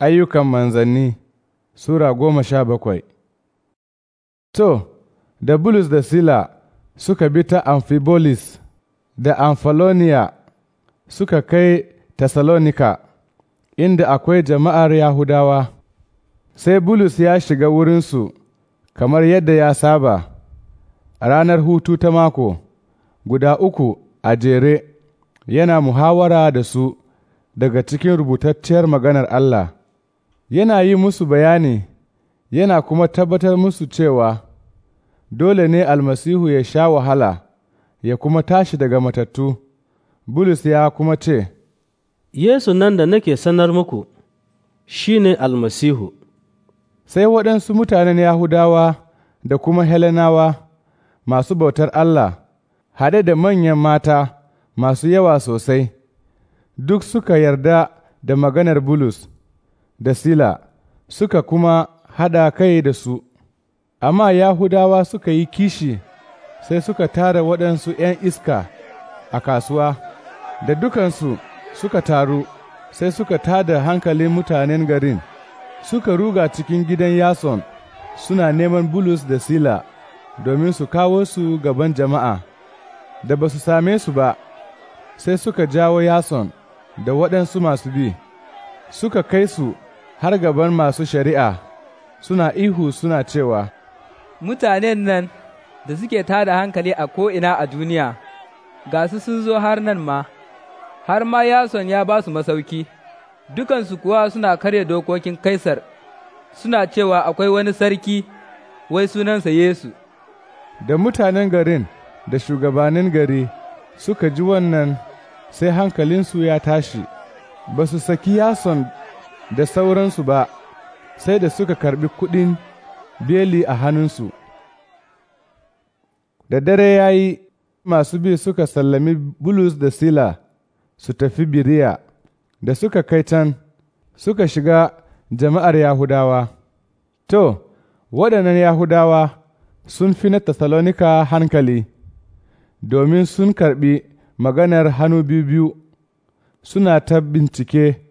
Ayyukan manzanni Sura goma sha bakwai To, da Bulus da Sila suka bi ta Amphibolis da Amphalonia suka kai Thessalonica inda akwai jama'ar Yahudawa, sai Bulus ya shiga wurinsu kamar yadda ya saba, ranar hutu ta mako, guda uku a jere, yana muhawara da su daga cikin rubutacciyar maganar Allah. yana yi musu bayani yana kuma tabbatar musu cewa dole ne almasihu ya sha wahala ya kuma tashi daga matattu, Bulus ya kuma ce, Yesu nan da nake sanar muku shi ne almasihu. Sai waɗansu mutanen Yahudawa da kuma Helenawa masu bautar Allah, haɗe da manyan mata masu yawa sosai, duk suka yarda da maganar Bulus. da Sila suka kuma haɗa kai da su, amma Yahudawa suka yi kishi sai suka tara waɗansu ’yan iska a kasuwa, da dukansu suka taru sai suka tada hankalin mutanen garin, suka ruga cikin gidan Yason suna neman Bulus da Sila domin su kawo su gaban jama'a, da ba su same su ba, sai suka jawo Yason da waɗansu masu bi, suka kai su har gaban masu shari'a suna ihu suna cewa, Mutanen nan da suke tada hankali a ko'ina a duniya, ga su sun zo har nan ma, har ma yason ya ba su masauki, dukansu kuwa suna karya dokokin Kaisar, suna cewa akwai wani sarki, wai sunansa Yesu. Da mutanen garin da shugabannin gari suka ji wannan sai hankalinsu ya tashi, ba su saki yason da sauransu ba, sai da suka karbi kuɗin beli a hannunsu. Da dare ya yi masu bi suka sallami Bulus da Sila su tafi Biriya, da suka kai can suka shiga jama'ar Yahudawa. To, waɗannan Yahudawa sun fi na tasalonika hankali, domin sun karɓi maganar hannu biyu-biyu suna ta bincike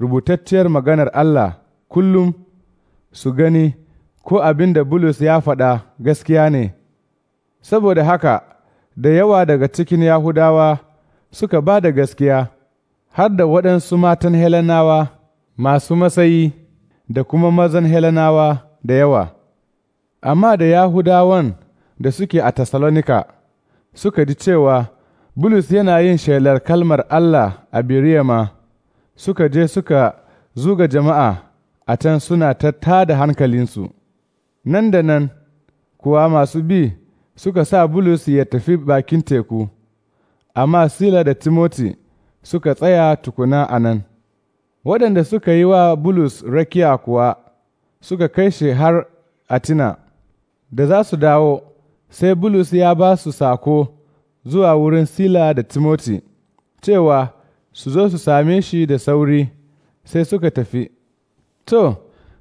rubutacciyar maganar Allah kullum su gani ko abin da Bulus ya faɗa gaskiya ne, saboda haka da yawa daga cikin Yahudawa suka ba da gaskiya, har da waɗansu matan Helenawa masu masayi da kuma mazan Helenawa da yawa, amma da Yahudawan da suke a Tessalonika suka ji cewa Bulus yana yin shelar kalmar Allah a Biriyama. suka je suka zuga jama'a a can suna ta tada hankalinsu, nan da nan kuwa masu bi suka sa Bulus ya tafi bakin teku, amma Sila da Timoti suka tsaya tukuna a nan. Waɗanda suka yi wa Bulus rakiya kuwa suka kai shi har Atina, da za su dawo, sai Bulus ya ba su sako zuwa wurin Sila da Timoti, cewa su zo su same shi da sauri, sai suka tafi. To,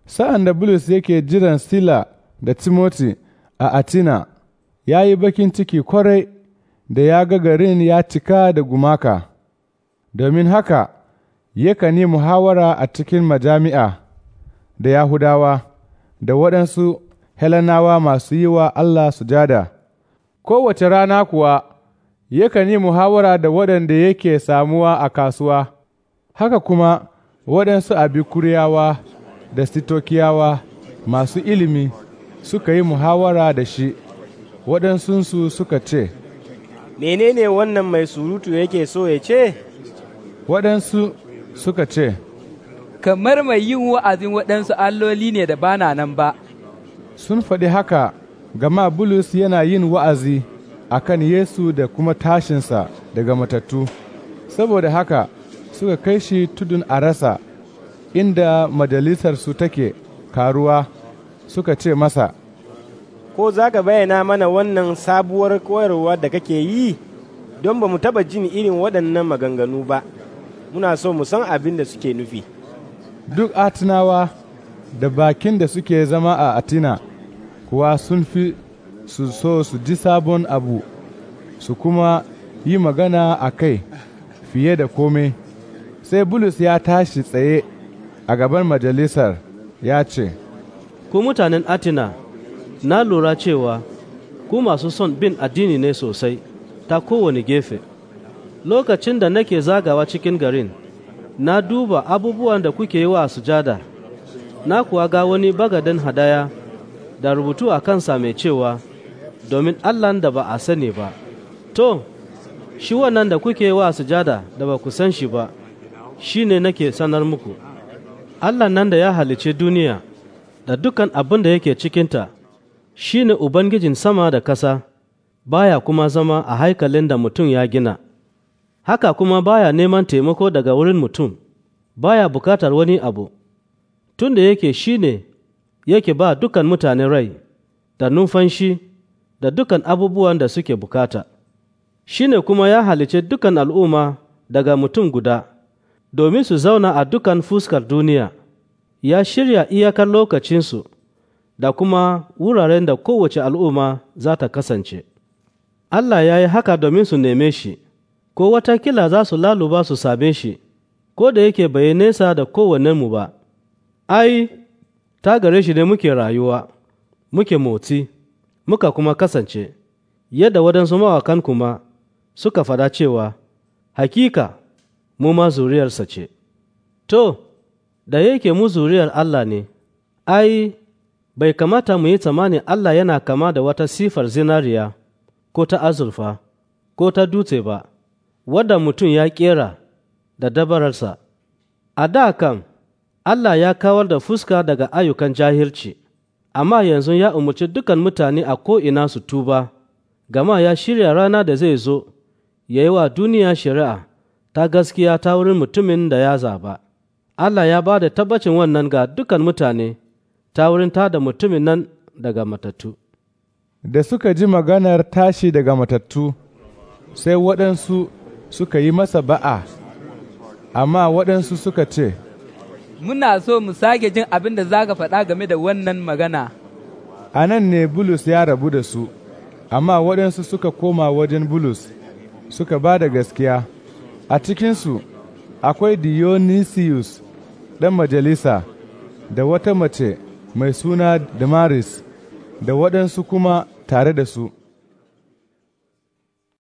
sa'an da Bulus yake jiran Sila da Timoti a Atina, ya yi bakin ciki kwarai da ya ga garin ya cika da gumaka, domin haka yaka ne muhawara a cikin majami'a da Yahudawa da waɗansu Helenawa masu yi wa Allah sujada. Kowace rana kuwa, yakan yi muhawara da waɗanda yake samuwa a kasuwa, haka kuma waɗansu abikuriyawa da sitokiyawa masu ilimi suka yi muhawara da shi, waɗansunsu suka ce, Menene wannan mai surutu yake so ya ce? Waɗansu suka ce, Kamar mai yin wa'azin waɗansu alloli ne da bana nan ba. Sun faɗi haka, gama Bulus yana yin wa'azi. a kan Yesu da kuma tashinsa daga matattu, saboda haka suka kai shi tudun a rasa inda majalisarsu take karuwa suka ce masa, Ko za ka bayyana mana wannan sabuwar koyarwa da kake yi don ba mu taba jin irin waɗannan maganganu ba, muna so mu san abin da suke nufi. Duk Atinawa da bakin da suke zama a Atina kuwa sun fi su so su ji sabon abu su kuma yi magana a kai fiye da kome sai bulus ya tashi tsaye a gaban majalisar ya ce ku mutanen atina na lura cewa ku masu son bin addini ne sosai ta kowane gefe lokacin da nake zagawa cikin garin na duba abubuwan da kuke yi wa sujada na kuwa ga wani bagaden hadaya da rubutu a kansa mai cewa domin Allahn da ba a sani ba. To, shi wannan da kuke wa sujada da ba ku san shi ba, shi ne nake sanar muku. Allah nan da ya halice duniya da dukan abin da yake cikinta, shi ne Ubangijin sama da ƙasa, baya kuma zama a haikalin da mutum ya gina. Haka kuma baya neman taimako daga wurin mutum, baya bukatar wani abu, tun da yake shi ne yake ba dukan mutane rai da numfanshi da dukan abubuwan da suke bukata, shi ne kuma ya halice dukan al'umma daga mutum guda, domin su zauna a dukan fuskar duniya, ya shirya iyakar lokacinsu da kuma wuraren da kowace al'umma za ta kasance. Allah ya yi haka domin su neme shi, ko watakila za su laluba su same shi, ko da yake bai nesa da mu ba. Ai, ta gare shi ne muke rayuwa, muke motsi. muka kuma kasance, yadda waɗansu mawakan kuma suka fada cewa, Hakika, mu ma zuriyarsa ce. To, da yake mu zuriyar Allah ne, ai, bai kamata mu yi tsammanin Allah yana kama da wata sifar zinariya, ko ta azurfa, ko ta dutse ba, wadda mutum ya ƙera da dabararsa. A da kan, Allah ya kawar da fuska daga ayyukan jahilci. amma yanzu ya umarci dukan mutane a ko'ina su tuba, gama ya shirya rana da zai zo, ya yi wa duniya shari'a ta gaskiya ta wurin mutumin da ya zaba. Allah ya ba da tabbacin wannan ga dukan mutane ta wurin ta da mutumin nan daga matattu. Da suka ji maganar tashi daga matattu, sai waɗansu suka yi masa ba'a, amma waɗansu suka ce, muna so mu sake jin abin da za ka faɗa game da wannan magana. A nan ne Bulus ya rabu da su, amma waɗansu suka koma wajen Bulus suka ba da gaskiya. A cikinsu akwai Dionysius ɗan majalisa da wata mace mai suna Damaris da waɗansu kuma tare da su.